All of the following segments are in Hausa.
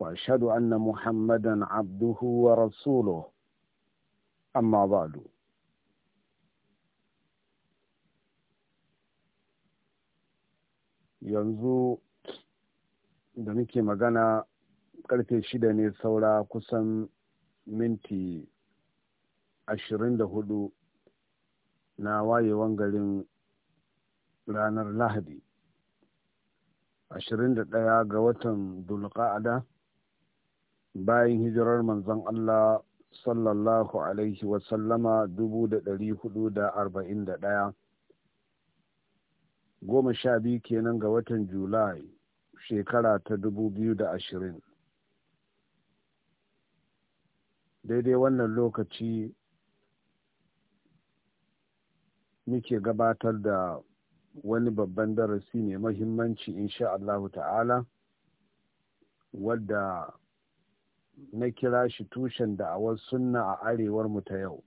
وأشهد أن محمدا عبده ورسوله أما بعد yanzu da muke magana karfe shida ne saura kusan minti ashirin da hudu na wayewan garin ranar lahadi ashirin da ɗaya ga watan dulka'ada bayan hijirar manzon Allah sallallahu alaihi wasallama dubu da ɗari hudu da arba'in da ɗaya goma sha biyu kenan ga watan julai shekara ta dubu biyu da ashirin daidai wannan lokaci muke gabatar da wani babban darasi mai mahimmanci insha Allahu ta'ala wadda na kira shi tushen da'awar sunna a arewar mu ta yau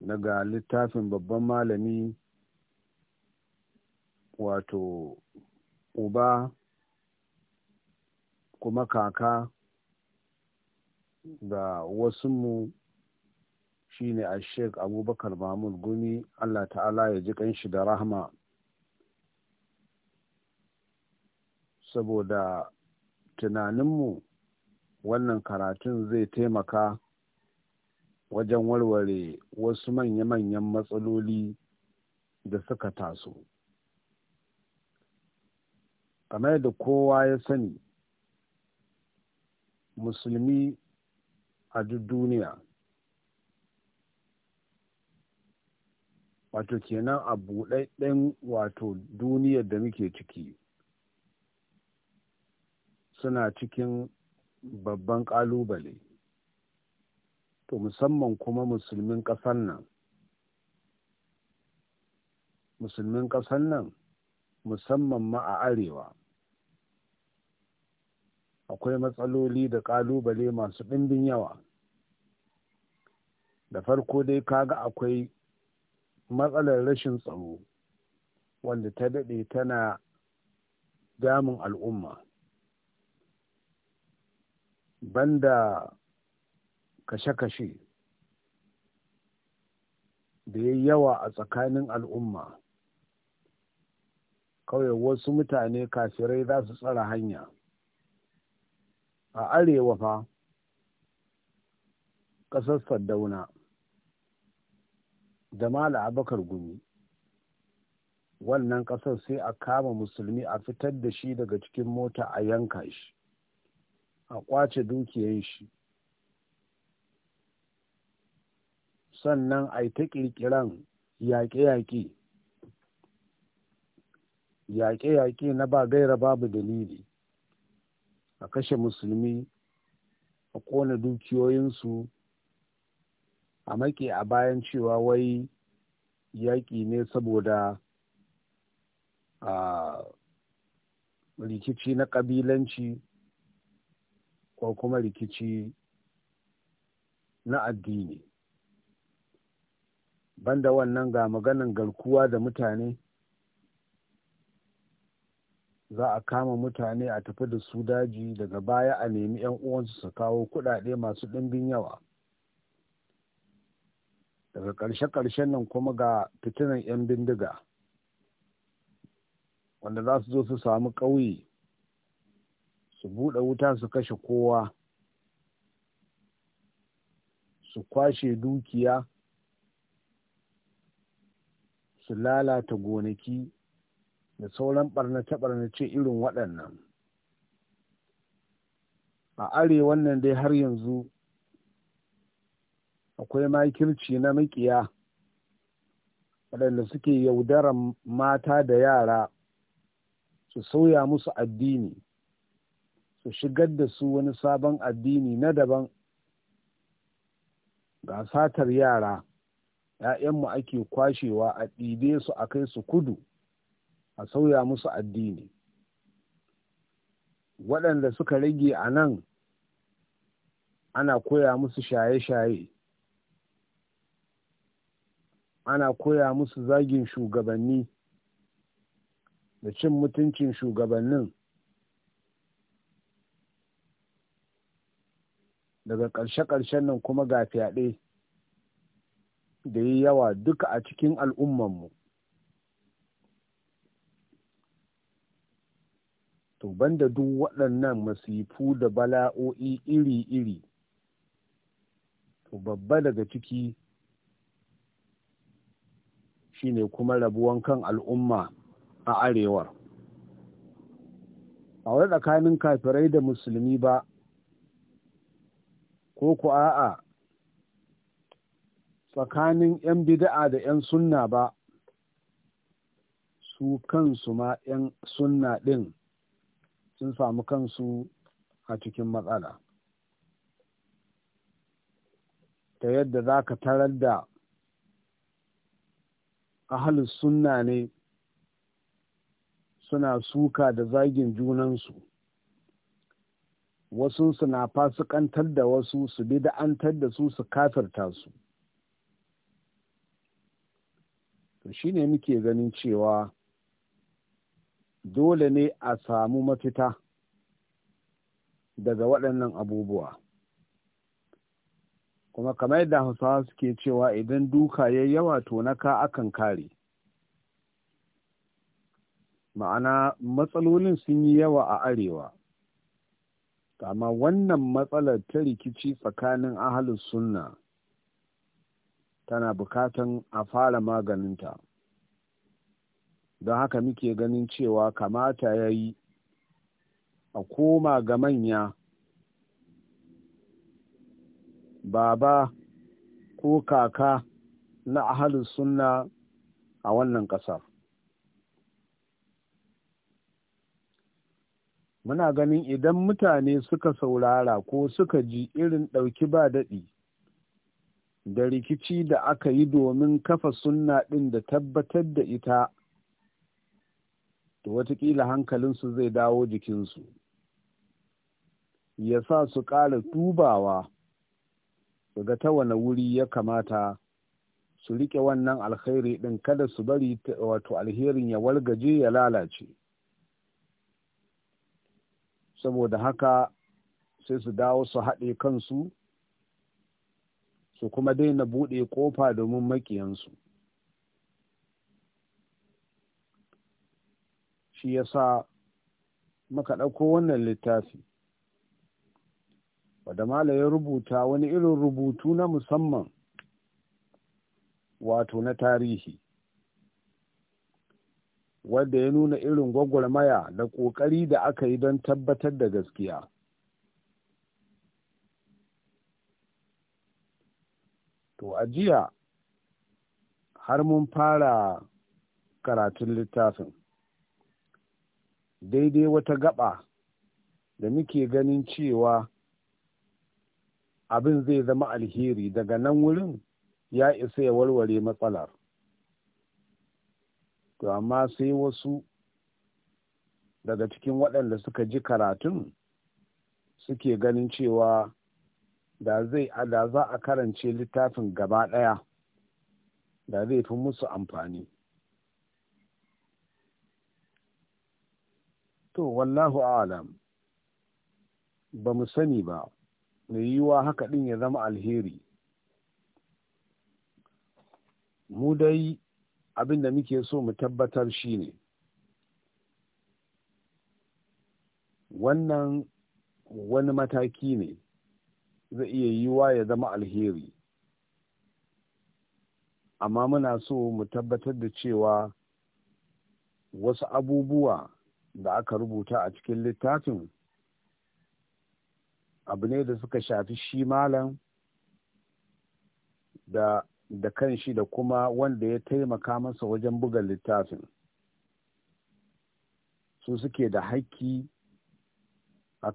na littafin babban malami wato uba kuma kaka ga mu shine a sheik abubakar Mamun gumi allah ta'ala ya ji kanshi da rahama saboda tunaninmu wannan karatun zai taimaka wajen warware wasu manya-manyan matsaloli da suka taso. kamar da kowa ya sani musulmi a duk duniya wato kenan a buɗaɗɗen wato duniyar da muke ciki suna cikin babban ƙalubale to musamman kuma musulmin ƙasar nan musulmin ƙasar nan musamman ma a arewa akwai matsaloli da ƙalubale masu ɗimbin yawa da farko dai kaga akwai matsalar rashin tsaro wanda ta daɗe tana damun al'umma banda kashe-kashe da ya yawa a tsakanin al'umma kawai wasu mutane kafirai za su tsara hanya a arewa fa ƙasar saddauna da mala abakar gumi wannan ƙasar sai a kama musulmi a fitar da shi daga cikin mota a yanka shi a kwace dukiyar shi sannan a yi ta ƙirƙiran yaƙe-yaƙe yaƙe-yaƙe na ba gaira babu dalili a kashe musulmi a ƙona dukiyoyinsu a maƙe a bayan cewa wai yaƙi ne saboda a ah, rikici na ƙabilanci ko kuma rikici na addini banda wannan ga maganin garkuwa da mutane za a kama mutane a tafi da su daji daga baya a nemi 'yan uwansu su kawo kuɗaɗe masu ɗimbin yawa daga ƙarshe-ƙarshen nan kuma ga fitinan 'yan bindiga wanda za su zo su samu ƙauye su buɗe wuta su kashe kowa su kwashe dukiya su lalata gonaki da sauran ɓarnace-ɓarnace irin waɗannan a are wannan dai har yanzu akwai makirci na makiya waɗanda suke yaudaran mata da yara su sauya musu addini su shigar da su wani sabon addini na daban ga satar yara ‘ya'yanmu ake kwashewa a ɗibe su a kai su kudu a sauya musu addini waɗanda suka rage a nan ana koya musu shaye-shaye ana koya musu zagin shugabanni da cin mutuncin shugabannin daga ƙarshe-ƙarshen nan kuma ga fyaɗe da yi yawa duka a cikin al'ummanmu to banda duk waɗannan masifu da bala'o'i iri-iri to babba daga ciki shine kuma rabuwan kan al'umma a arewar a wani tsakanin kafirai da musulmi ba ko ku a'a tsakanin 'yan bida'a da 'yan sunna ba su kansu ma 'yan sunna ɗin sun samu kansu a cikin matsala ta yadda za ka tarar da ahalus sunna ne suna suka da zagin junansu wasu su na fasikantar da wasu su bid'antar da su su kafirta su to shine muke ganin cewa dole ne a samu mafita daga waɗannan abubuwa kuma kamar da hausawa suke cewa idan duka ya yawa to na ka akan kare ma'ana matsalolin sun yi yawa a arewa amma wannan matsalar ta rikici tsakanin ahalus sunna tana bukatan a fara maganinta don haka muke ganin cewa kamata ya yi a koma ga manya baba ko kaka na ahalus sunna a wannan ƙasar muna ganin idan mutane suka saurara ko suka ji irin ɗauki ba daɗi da rikici da aka yi domin kafa sunna ɗin da tabbatar da ita to watakila hankalinsu zai dawo jikinsu ya sa su ƙara tubawa ga ta Wani wuri ya kamata su riƙe wannan alkhairi ɗin kada su bari wato alherin ya wargaje ya lalace saboda haka sai su dawo su haɗe kansu su kuma daina buɗe ƙofa domin makiyansu. shi ya sa muka ɗauko wannan littafi wadda mala ya rubuta wani irin rubutu na musamman wato na tarihi wadda ya nuna irin gwagwarmaya da ƙoƙari da aka yi don tabbatar da gaskiya. To, a jiya har mun fara karatun littafin, daidai wata gaba da muke ganin cewa abin zai zama alheri daga nan wurin ya isa ya warware matsalar. to amma sai wasu daga cikin waɗanda suka ji karatun suke ganin cewa da zai za a karance littafin gaba ɗaya da zai fi musu amfani to wallahu alam ba mu sani ba mai yiwuwa haka ɗin ya zama alheri mu dai abin da muke so mu tabbatar shi ne wannan wani mataki ne zai iya yiwa ya zama alheri amma muna so mu tabbatar da cewa wasu abubuwa da aka rubuta a cikin littafin abu ne da suka shafi shi malam da da kan shi da kuma wanda ya taimaka masa wajen buga littafin su suke da haƙƙi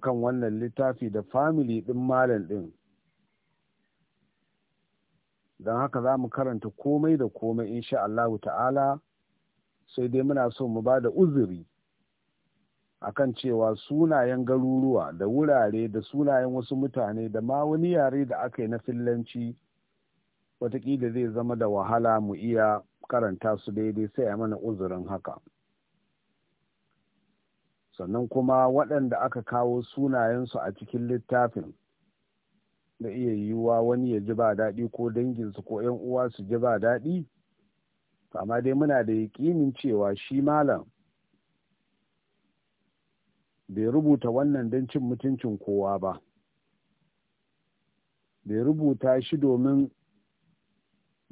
kan wannan littafi da famili ɗin malam ɗin don haka za mu karanta komai da komai in sha Allahu ta'ala sai dai muna so mu ba da uzuri a kan cewa sunayen garuruwa da wurare da sunayen wasu mutane da ma wani yare da aka yi na fillanci Wataƙila zai zama da wahala mu iya karanta su daidai sai a mana uzurin haka sannan kuma waɗanda aka kawo sunayensu a cikin littafin da iya yiwuwa wani ya ji ba daɗi ko danginsu ko ‘yan uwa su ji ba daɗi amma dai muna da yaƙinin cewa shi malam bai rubuta wannan don cin mutuncin kowa ba bai rubuta shi domin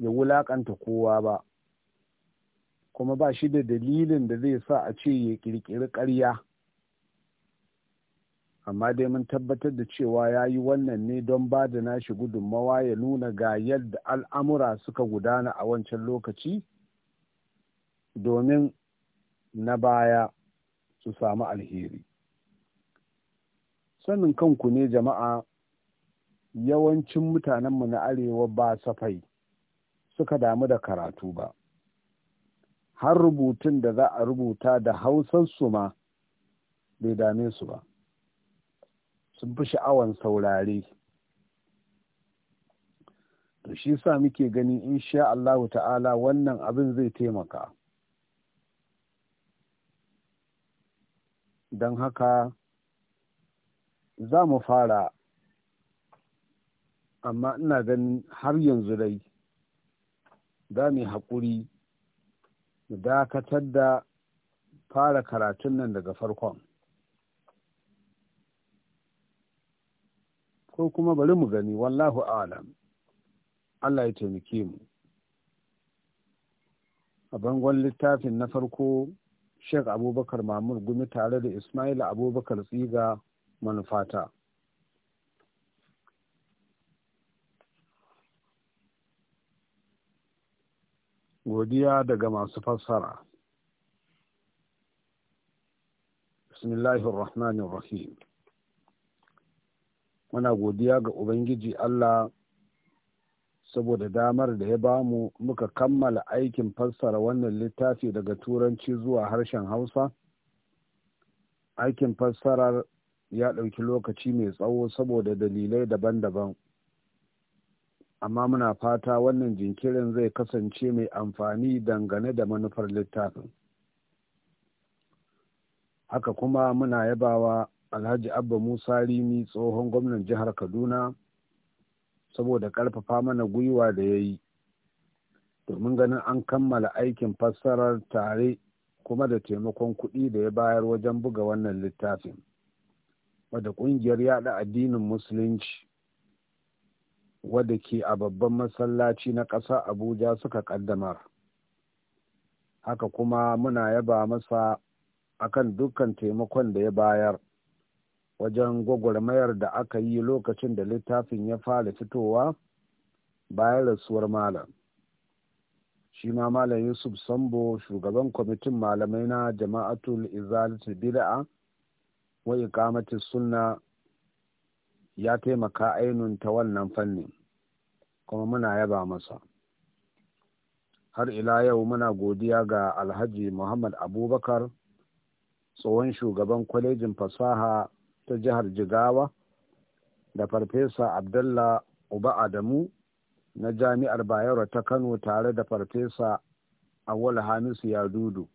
ya wulaƙanta kowa ba kuma ba shi da dalilin da zai sa a ce ya ƙirƙiri ƙarya amma dai mun tabbatar da cewa ya yi wannan ne don ba da nashi gudunmawa ya nuna ga yadda al'amura suka gudana a wancan lokaci domin na baya su samu alheri sanin kanku ne jama'a yawancin mutanenmu na arewa ba safai suka damu da karatu ba har rubutun da za a rubuta da su ma bai dame su ba sun fi sha'awan saurare to shi sa muke gani sha Allahu ta'ala wannan abin zai taimaka don haka za mu fara amma ina ganin har yanzu dai za mu yi haƙuri mu dakatar da fara karatun nan daga farkon ko kuma bari mu gani wallahu alam Allah ya taimake mu a bangon littafin na farko Sheikh Abubakar Mamur Gumi tare da Ismail Abubakar Tsiga manufata. godiya daga masu fassara bismillahirrahmanirrahim muna godiya ga ubangiji allah saboda damar da ya bamu muka kammala aikin fassara wannan littafi daga turanci zuwa harshen hausa aikin fassarar ya ɗauki lokaci mai tsawo saboda dalilai daban-daban amma muna fata wannan jinkirin zai kasance mai amfani dangane da manufar littafin haka kuma muna yabawa alhaji abba musa rimi tsohon gwamnan jihar kaduna saboda karfafa mana gwiwa da ya yi domin ganin an kammala aikin fassarar tare kuma da taimakon kuɗi da ya bayar wajen buga wannan littafin wadda ƙungiyar yaɗa addinin musulunci wadda ke a babban masallaci na ƙasa abuja suka ƙaddamar haka kuma muna yaba masa akan dukkan taimakon da ya bayar wajen gwagwarmayar da aka yi lokacin da littafin ya fara fitowa bayan rasuwar malam shi ma malam yusuf sambo shugaban kwamitin malamai na jama'atul izalatul bid'a wa iqamatis sunna ya taimaka ainun ta wannan fannin kuma muna yaba masa har ila yau muna godiya ga alhaji muhammad abubakar tsohon shugaban kwalejin fasaha ta jihar jigawa da farfesa abdullah uba adamu na jami'ar bayero ta kano tare da farfesa awal hamisu yadudu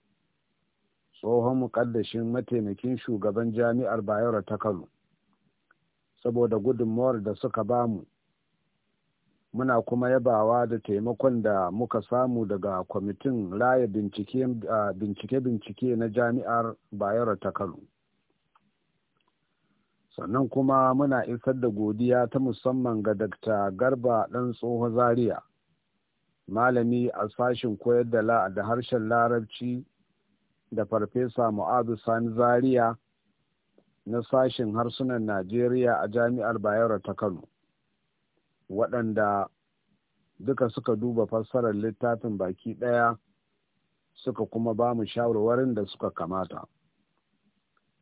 tsohon mukaddashin mataimakin shugaban jami'ar bayero ta kano saboda gudunmuwar da suka bamu muna kuma yabawa da taimakon da muka samu daga kwamitin raya bincike-bincike na jami'ar bayero ta kano sannan kuma muna isar da godiya ta musamman ga dakta garba ɗan tsoho zaria malami a sashen koyar da harshen larabci da farfesa mu'adu sani zaria na sashen harsunan Najeriya a jami'ar Bayero ta Kano, waɗanda duka suka duba fassarar littafin baki ɗaya suka kuma ba mu shawarwarin da suka kamata.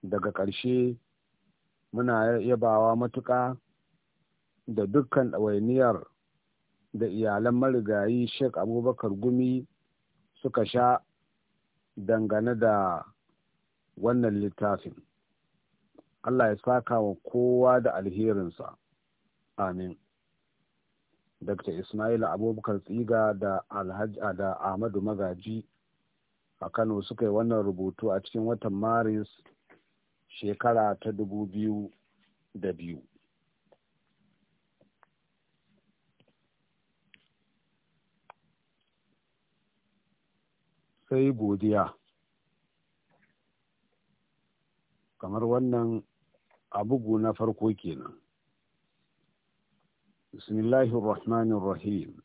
Daga ƙarshe muna yabawa matuƙa da dukkan ɗawainiyar da iyalan marigayi Sheikh Abubakar Gumi suka sha dangane da wannan littafin. Allah ya saka wa kowa da alherinsa amin Dr. Ismail Abubakar Tsiga da Alhaji da Ahmadu Magaji a Kano suka yi wannan rubutu a cikin watan Maris shekara ta dubu biyu da biyu. Sai godiya kamar wannan a bugu na farko kenan bismillahir rahmanir rahim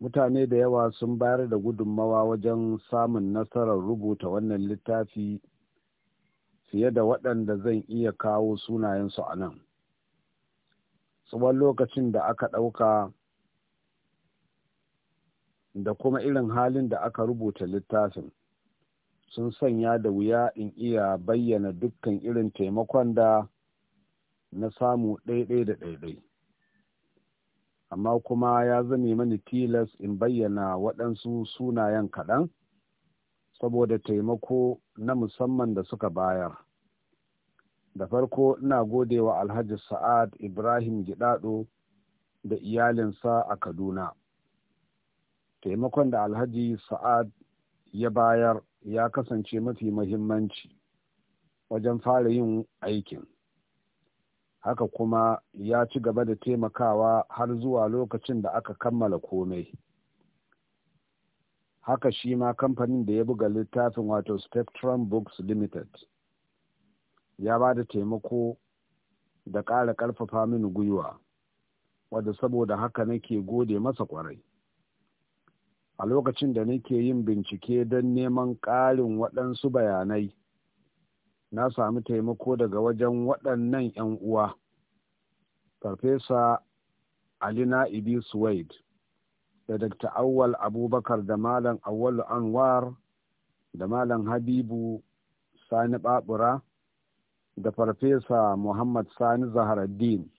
mutane da yawa sun bayar da gudunmawa wajen samun nasarar rubuta wannan littafi fiye da waɗanda zan iya kawo sunayensu a nan tsawon lokacin da aka ɗauka da kuma irin halin da aka rubuta littafin sun sanya da wuya in iya bayyana dukkan irin taimakon da na samu ɗaiɗai da ɗaiɗai amma kuma ya zame mani tilas in bayyana waɗansu sunayen kaɗan saboda taimako na musamman da suka bayar da farko ina gode wa alhaji sa'ad ibrahim gidado da iyalinsa a kaduna taimakon da alhaji sa'ad ya bayar ya kasance mafi mahimmanci wajen fara yin aikin haka kuma ya ci gaba da taimakawa har zuwa lokacin da aka kammala komai haka shi ma kamfanin da ya buga littafin wato spectrum books limited ya ba da taimako da ƙara ƙarfafa mini gwiwa wadda saboda haka nake gode masa ƙwarai a lokacin da nake yin bincike don neman ƙarin waɗansu bayanai na sami taimako daga wajen waɗannan 'yan uwa farfesa alina na'ibi suwaid da dr awwal abubakar da malam awwalu anwar da malam habibu sani babura da farfesa muhammad sani zaharaddin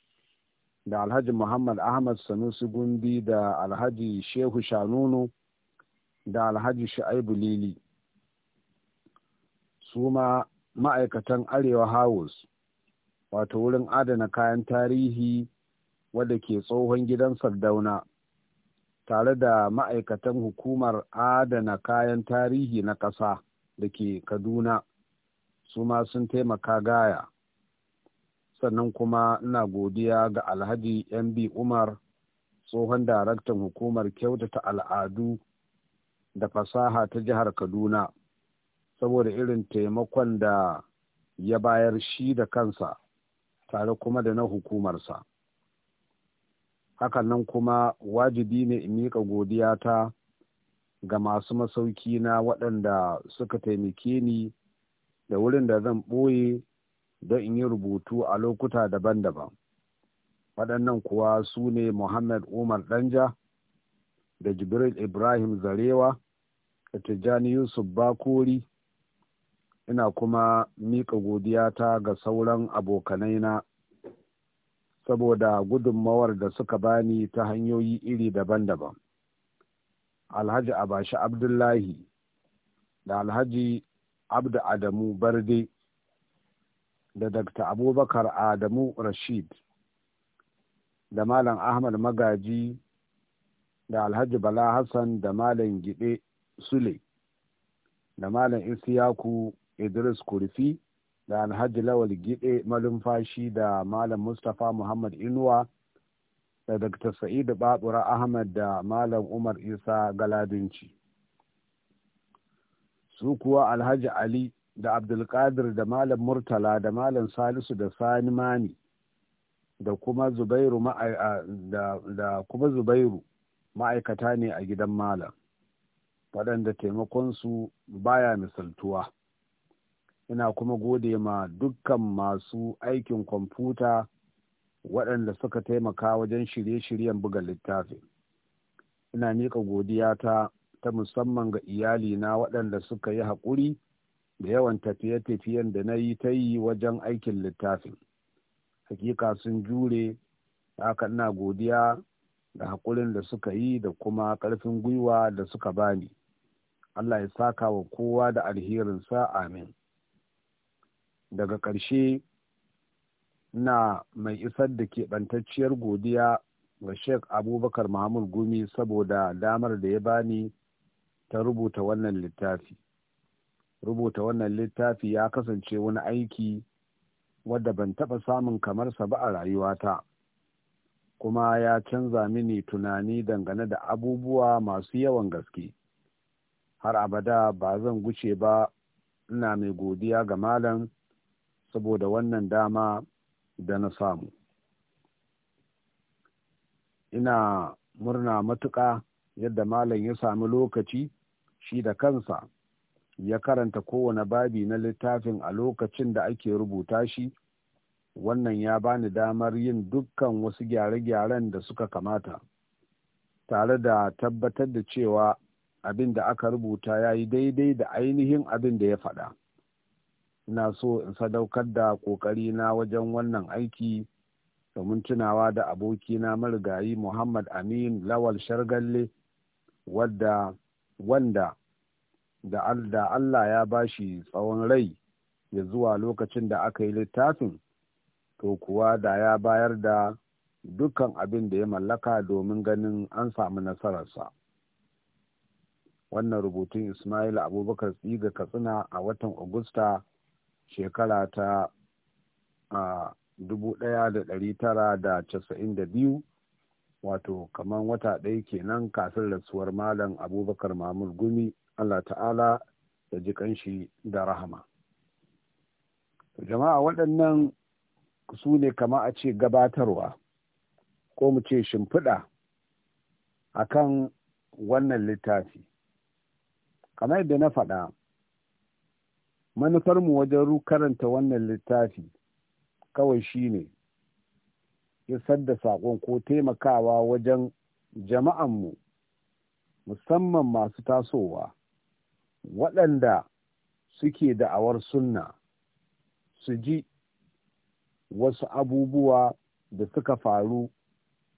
da alhaji muhammad ahmad sanusi gumbi da alhaji shehu shanunu da alhaji sha'ibu lili su ma ma'aikatan arewa house wato wurin adana kayan tarihi wadda ke tsohon gidan sardauna tare da ma'aikatan hukumar adana kayan tarihi na ƙasa da ke kaduna su ma sun taimaka gaya sannan kuma ina godiya ga alhaji mb umar tsohon daraktan hukumar kyautata al'adu da fasaha ta jihar Kaduna saboda irin taimakon da ya bayar shi da kansa tare kuma da na hukumarsa. Hakan nan kuma wajibi ne in miƙa godiya ta ga masu masauki na waɗanda suka taimake ni da wurin da zan ɓoye don in yi rubutu a lokuta daban-daban. Waɗannan kuwa su ne Muhammad Umar Danja da Jibril Ibrahim Zarewa tijjani yusuf bakori ina kuma miƙa godiyata ga sauran abokanaina saboda gudunmawar da suka bani ta hanyoyi iri daban-daban alhaji abashi abdullahi da alhaji abdu adamu barde da dr abubakar adamu rashid da malam ahmad magaji da alhaji bala hassan da malam gide sule da malam isiyaku idris kurfi da alhaji lawal gide malumfashi da malam mustapha muhammad inuwa da dr sa'idu babura ahmad da malam umar isa galadinci su kuwa alhaji ali da abdulkadir da malam murtala da malam salisu da sani mani da kuma zubairu ma'aikata ne a gidan malam waɗanda taimakonsu baya misaltuwa ina kuma gode ma dukkan masu aikin kwamfuta waɗanda suka taimaka wajen shirye-shiryen buga littafi. ina miƙa godiya ta ta musamman ga iyalina waɗanda suka yi haƙuri da yawan tafiye-tafiyen da na yi ta yi wajen aikin littafi. hakika sun jure haka ina godiya da haƙurin da suka yi da kuma ƙarfin gwiwa da suka bani Allah ya saka wa kowa da alherinsa amin daga ƙarshe na mai isar da keɓantacciyar godiya ga Sheikh Abubakar Mahmud Gumi saboda damar da ya bani ta rubuta wannan littafi. Rubuta wannan littafi ya kasance wani aiki wadda ban taɓa samun kamarsa ba a rayuwata, kuma ya canza mini tunani dangane da abubuwa masu yawan gaske. har abada ba zan guce ba ina mai godiya ga malam saboda wannan dama da na samu ina murna matuƙa yadda malam ya sami lokaci shi da kansa ya karanta kowane babi na littafin a lokacin da ake rubuta shi wannan ya bani damar yin dukkan wasu gyare-gyaren da suka kamata tare da tabbatar da cewa abin da aka rubuta ya yi daidai da ainihin abin da ya faɗa ina so in sadaukar da ƙoƙari na wajen wannan aiki domin tunawa da abokina marigayi muhammad amin lawal shargalle wadda wanda da allah ya bashi tsawon rai ya zuwa lokacin da aka yi littafin to kuwa da ya bayar da dukkan abin da ya mallaka domin ganin an samu nasararsa. wannan rubutun ismail abubakar tsiga katsina a watan agusta shekara ta biyu, wato kamar wata ɗaya kenan kafin rasuwar malam abubakar mamul gumi allah ta'ala da ji kanshi da rahama jama'a waɗannan su ne kama a ce gabatarwa ko mu ce shimfiɗa a kan wannan littafi kamar yadda na faɗa mu wajen karanta wannan littafi kawai shi shine isar da saƙon ko taimakawa wajen jama'anmu musamman masu tasowa waɗanda suke da'awar sunna su ji wasu abubuwa da suka faru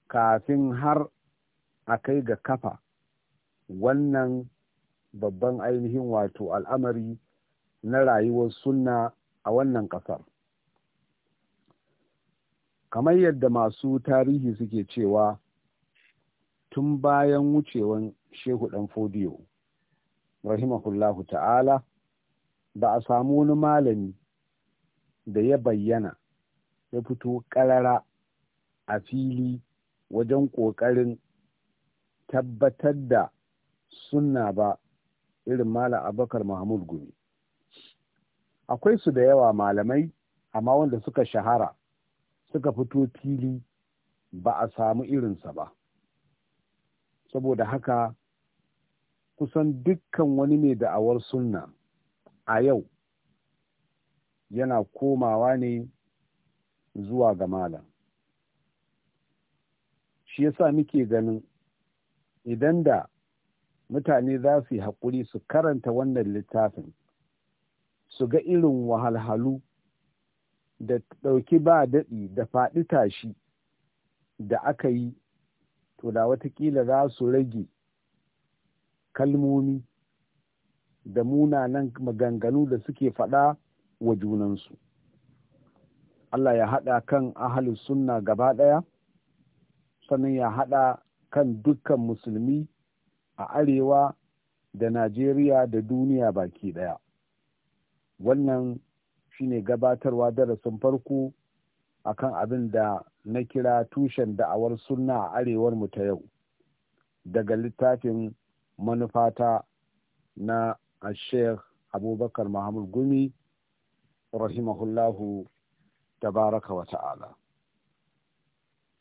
kafin har a kai ga kafa wannan babban ainihin wato al'amari na rayuwar sunna a wannan ƙasar. Kamar yadda masu tarihi suke cewa tun bayan wucewan Shehu ɗan Fodiyo, rahimahullahu ta'ala, ba a samu wani malami da ya bayyana ya fito ƙarara a fili wajen ƙoƙarin tabbatar da sunna ba irin malam abakar mahmud gumi akwai su da yawa malamai amma wanda suka shahara suka fito fili ba a samu irinsa ba saboda haka kusan dukkan wani mai da'awar sunna a yau yana komawa ne zuwa ga malam shi yasa muke ganin idan da mutane za su yi haƙuri su karanta wannan littafin su ga irin wahalhalu da ɗauki ba daɗi da faɗi tashi da aka yi to da watakila za su rage kalmomi da munanan maganganu da suke faɗa wa junansu Allah ya haɗa kan ahalus sunna gaba ɗaya sannan ya haɗa kan dukkan musulmi a arewa da najeriya da duniya baki ɗaya wannan shine gabatarwa darasin farko akan abin da na kira tushen da'awar sunna a arewar mu ta yau daga littafin manufata na sheikh abubakar muhammad gumi rahimahullahu tabaraka wa ta'ala